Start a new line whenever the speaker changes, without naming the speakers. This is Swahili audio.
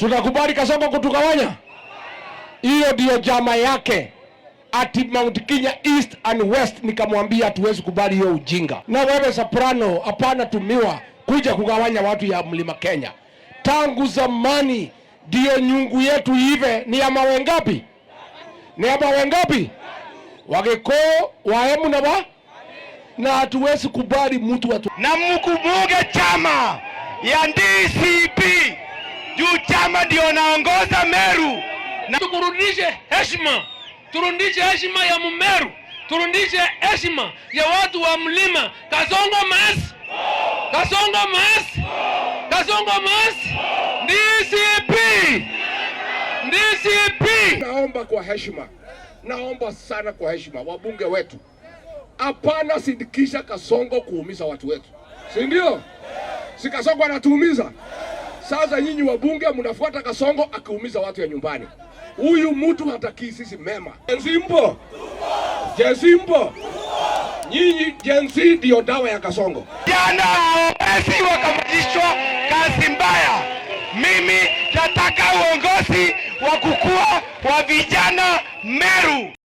Tunakubali Kasongo kutugawanya? Hiyo ndiyo jama yake ati Mount Kenya East and West. Nikamwambia hatuwezi kubali hiyo ujinga. Na wewe Soprano, hapana tumiwa kuja kugawanya watu ya mlima Kenya. Tangu zamani ndiyo nyungu yetu ive. Ni ya mawe ngapi? Ni ya mawe ngapi? Waemu na wa na hatuwezi kubali mtu watu,
na mkumbuke chama ya DCP chama ndio naongoza Meru na tukurudishe heshima, turudishe heshima ya Mmeru, turudishe heshima ya watu wa mlima Kasongo Mas, Kasongo Mas, Kasongo Mas, DCP, DCP.
Naomba kwa heshima, naomba sana kwa heshima, wabunge wetu, hapana sindikisha Kasongo kuumiza watu wetu, si ndio? Si Kasongo anatuumiza. Sasa nyinyi wabunge mnafuata Kasongo akiumiza watu ya nyumbani. Huyu mtu hatakii sisi mema. Jenzimbo, mpo? mpo? Nyinyi jenzi ndio dawa ya Kasongo.
Jana hawawezi wakamalizishwa kazi mbaya. Mimi nataka uongozi wa kukua wa vijana Meru.